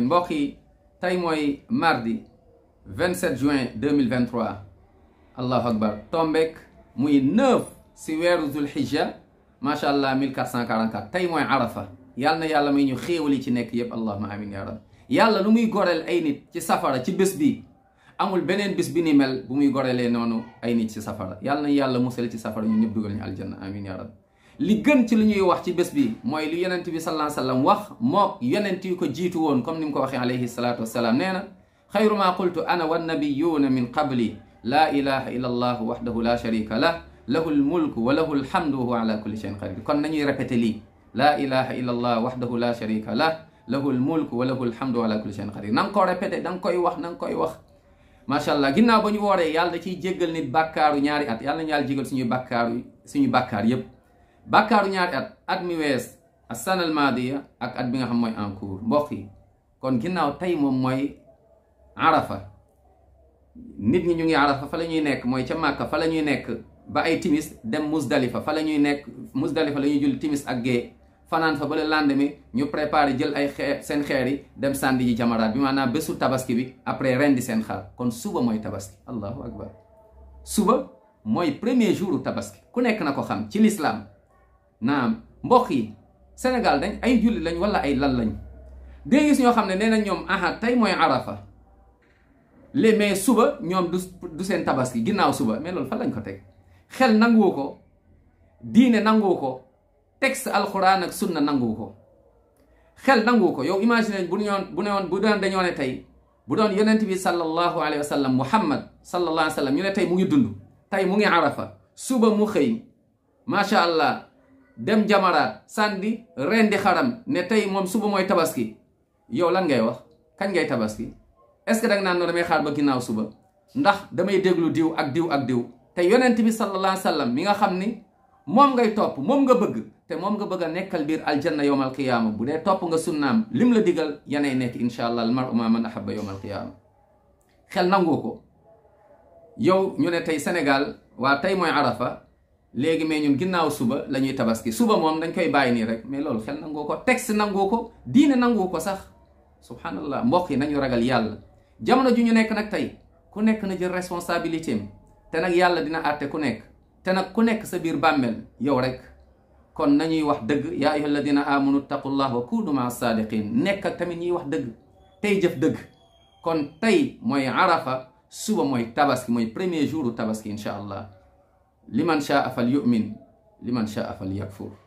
mbokk yi tey mooy mardi 27 juin 2023 allahu akbar tombeek muy 9 si weeru zulhijja macha allah 1444 tey mooy arafa yàlla na yàlla may ñu xéewal li ci nekk yépp allahuma amin ya rab yàlla lu muy goreel ay nit ci safara ci bés bi amul beneen bis bi ni mel bu muy gorelee noonu ay nit ci safara yàlla na yàlla musal ci safara ñu ñëpp dugal ñu aljanna amin ya rab li gën ci lu ñuy wax ci bés bi mooy lu yonent bi sallallahu alayhi wasallam wax mook yonent yi ko jiitu woon comme ni mu ko waxee alayhi salaatu wasalaam nee na xayru ma qultu ana wannabiyuuna min qabli laa ilaha illa allahu waxdahu la sharika lah lahu lmulku wa lahu lhamdu wa huwa ala kulli shay'in qadir kon nañuy répété lii laa ilaha illa allah waxdahu la sharika lah lahu lmulku wa lahu lhamdu wa ala kulli shay'in qadir na nga ko répété da nga koy wax na nga koy wax macha allah ginnaaw ba ñu wooree yàlla da ciy jéggal nit bàkkaaru ñaari at yàlla nañu yàlla jégal suñuy bàkkaaru suñu bàkkaar yépp bàkkaaru ñaari at at mi wees asana al maadiya ak at bi nga xam mooy en cours yi kon ginnaaw tey moom mooy arafa nit ñi ñu ngi arafa fa la ñuy nekk mooy ca màkka fa la ñuy nekk ba ay timis dem musdalifa fa la ñuy nekk musdalifa la ñuy jul timis ak gée fanaan fa ba le lendemain ñu préparé jël ay xeer seen xeer yi dem sàndi ji jamaraat bi maanaam bésu tabaski bi après rendi seen xar kon suba mooy tabaski allahu akbar suba mooy premier jour tabaski ku nekk na ko xam ci lislaam naam mboq yi Sénégal dañ ay julli lañ wala ay lan lañ dee gis ñoo xam ne nee na ñoom aha tey mooy arafa lé mais suba ñoom du du seen tabaski ginnaaw suba mais loolu fan lañ ko teg xel nanguwu ko diine nanguwu ko texte alxuraan ak sunna nanguwu ko xel nanguwu ko yow imagine bu ñoon bu newoon bu doon dañoo ne tey bu doon yonent bi sallallahu alayhi wa sallam muhammad sallallahu alayhi wa sallam ñu ne tey mu ngi dund tey mu ngi arafa suba mu xëy macha allah dem jamara sàndi rendi xaram ne tey moom suba mooy tabaski yow lan ngay wax kañ ngay tabaski est ce que danga naan noo damay xaar ba ginnaaw suba ndax damay déglu diw ak diw ak diw te yonent bi sallallahu alayhi sallam mi nga xam ni moom ngay topp moom nga bëgg te moom nga bëgg a nekkal biir aljanna yowm alqiyaama bu dee topp nga sunnaam lim la digal yanay nekk incha allah al maru ma man ahabba yowm alqiyaama xel nangu ko yow ñu ne tey Sénégal waa tey mooy arafa léegi mais ñun ginnaaw suba lañuy tabaski suba moom dañ koy bàyyi nii rek mais loolu xel nangoo ko texte nangoo ko diine nangoo ko sax subhanallah mbokk yi nañu ragal yàlla jamono ji ñu nekk nag tey ku nekk na jël responsabilité am te nag yàlla dina àtte ku nekk te nag ku nekk sa biir bàmmeel yow rek kon nañuy wax dëgg yaa ayyuha alladina amanu taqullah wa kunu maa saadiqin nekk ak tamit ñuy wax dëgg tey jëf dëgg kon tey mooy arafa suba mooy tabaski mooy premier jour tabaski incha allah liman shaa fal yu'min liman shaa fal yakfur